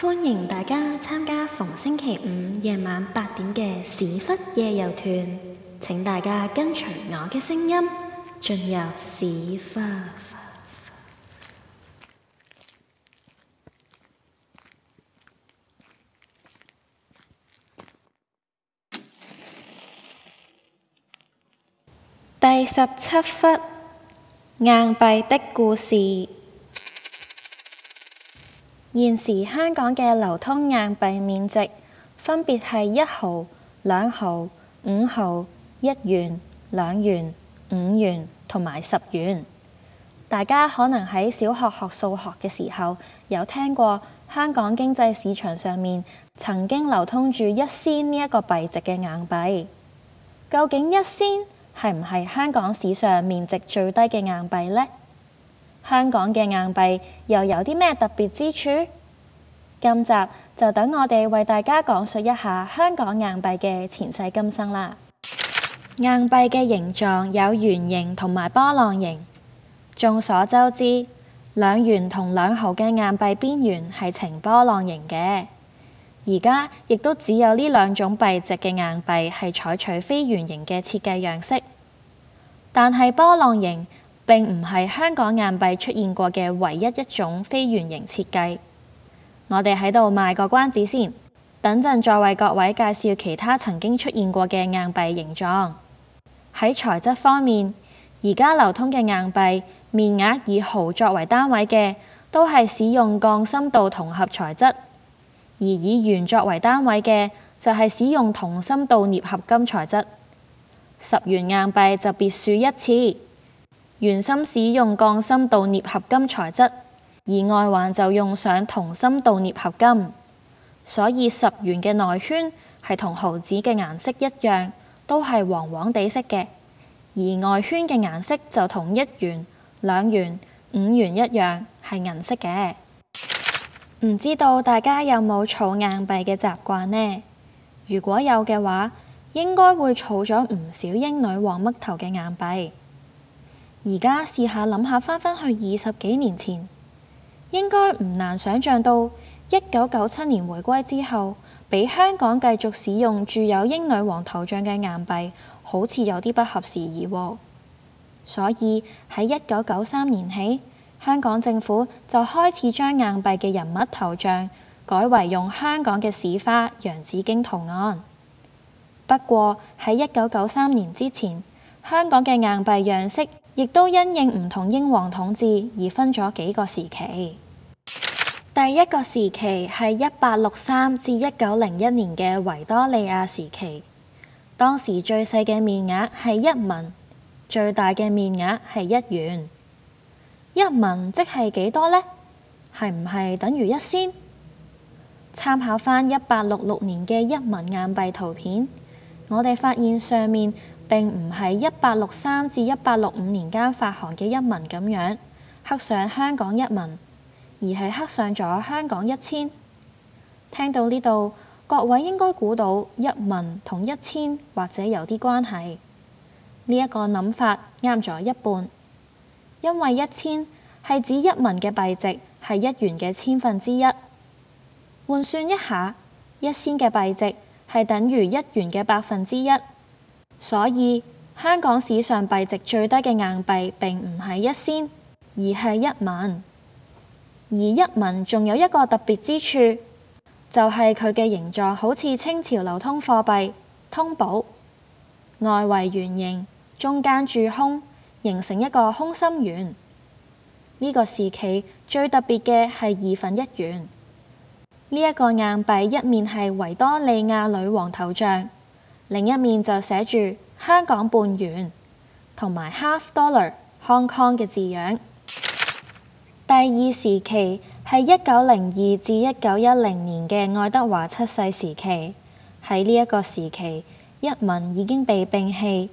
歡迎大家參加逢星期五夜晚八點嘅屎忽夜遊團。請大家跟隨我嘅聲音進入屎忽。第十七窟，硬幣的故事。現時香港嘅流通硬幣面值分別係一毫、兩毫、五毫、一元、兩元、五元同埋十元。大家可能喺小學學數學嘅時候，有聽過香港經濟市場上面曾經流通住一仙呢一個幣值嘅硬幣。究竟一仙係唔係香港史上面值最低嘅硬幣呢？香港嘅硬幣又有啲咩特別之處？今集就等我哋為大家講述一下香港硬幣嘅前世今生啦。硬幣嘅形狀有圓形同埋波浪形。眾所周知，兩元同兩毫嘅硬幣邊緣係呈波浪形嘅。而家亦都只有呢兩種幣值嘅硬幣係採取非圓形嘅設計樣式，但係波浪形，並唔係香港硬幣出現過嘅唯一一種非圓形設計。我哋喺度賣個關子先，等陣再為各位介紹其他曾經出現過嘅硬幣形狀。喺材質方面，而家流通嘅硬幣面額以毫作為單位嘅，都係使用鋼芯鍍銅合材質；而以元作為單位嘅，就係、是、使用銅芯鍍鎳合金材質。十元硬幣就別樹一幟。圓心使用鋼芯鍍鎳合金材質，而外環就用上銅芯鍍鎳合金，所以十元嘅內圈係同毫子嘅顏色一樣，都係黃黃地色嘅；而外圈嘅顏色就同一元、兩元、五元一樣，係銀色嘅。唔知道大家有冇儲硬幣嘅習慣呢？如果有嘅話，應該會儲咗唔少英女王嘜頭嘅硬幣。而家試下諗下，翻返去二十幾年前，應該唔難想像到一九九七年回歸之後，俾香港繼續使用住有英女王頭像嘅硬幣，好似有啲不合時宜。所以喺一九九三年起，香港政府就開始將硬幣嘅人物頭像改為用香港嘅市花洋紫荊圖案。不過喺一九九三年之前，香港嘅硬幣樣式，亦都因應唔同英皇統治而分咗幾個時期。第一個時期係一八六三至一九零一年嘅維多利亞時期，當時最細嘅面額係一文，最大嘅面額係一元。一文即係幾多呢？係唔係等於一仙？參考翻一八六六年嘅一文硬幣圖片，我哋發現上面。並唔係一八六三至一八六五年間發行嘅一文咁樣，刻上香港一文，而係刻上咗香港一千。聽到呢度，各位應該估到一文同一千或者有啲關係。呢、這、一個諗法啱咗一半，因為一千係指一文嘅幣值係一元嘅千分之一，換算一下，一千嘅幣值係等於一元嘅百分之一。所以香港史上幣值最低嘅硬幣並唔係一仙，而係一文。而一文仲有一個特別之處，就係佢嘅形狀好似清朝流通貨幣通寶，外圍圓形，中間鑄空，形成一個空心圓。呢、這個時期最特別嘅係二分一元。呢、這、一個硬幣一面係維多利亞女王頭像。另一面就寫住香港半圓同埋 half dollar Hong Kong 嘅字樣。第二時期係一九零二至一九一零年嘅愛德華七世時期。喺呢一個時期，一文已經被摒棄，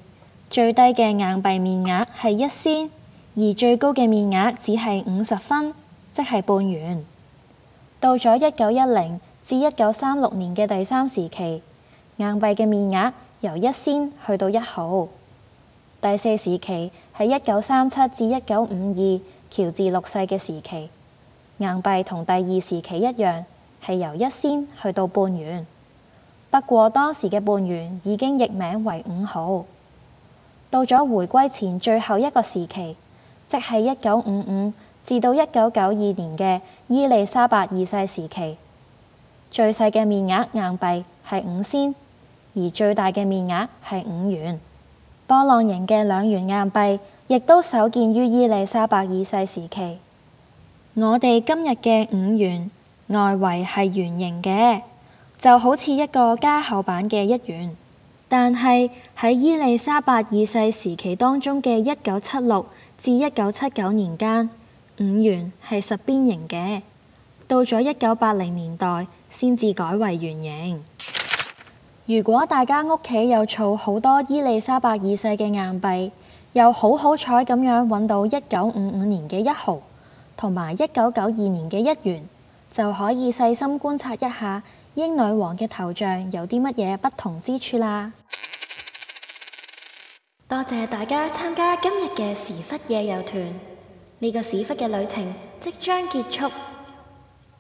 最低嘅硬幣面額係一仙，而最高嘅面額只係五十分，即係半元。到咗一九一零至一九三六年嘅第三時期。硬幣嘅面額由一仙去到一毫。第四時期係一九三七至一九五二喬治六世嘅時期，硬幣同第二時期一樣係由一仙去到半元，不過當時嘅半元已經易名為五毫。到咗回歸前最後一個時期，即係一九五五至到一九九二年嘅伊利沙伯二世時期，最細嘅面額硬幣係五仙。而最大嘅面額係五元，波浪形嘅兩元硬幣亦都首見於伊利沙伯二世時期。我哋今日嘅五元外圍係圓形嘅，就好似一個加厚版嘅一元。但係喺伊利沙伯二世時期當中嘅一九七六至一九七九年間，五元係十邊形嘅。到咗一九八零年代，先至改為圓形。如果大家屋企有儲好多伊利沙伯二世嘅硬幣，又好好彩咁樣揾到一九五五年嘅一毫，同埋一九九二年嘅一元，就可以細心觀察一下英女王嘅頭像有啲乜嘢不同之處啦！多謝大家參加今日嘅史窟夜遊團，呢個史窟嘅旅程即將結束。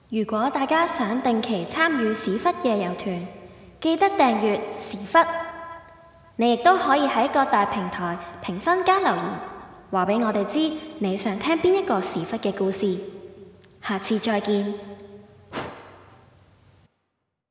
如果大家想定期參與史窟夜遊團，記得訂閱史窟，你亦都可以喺各大平台評分加留言，話俾我哋知你想聽邊一個史窟嘅故事。下次再見。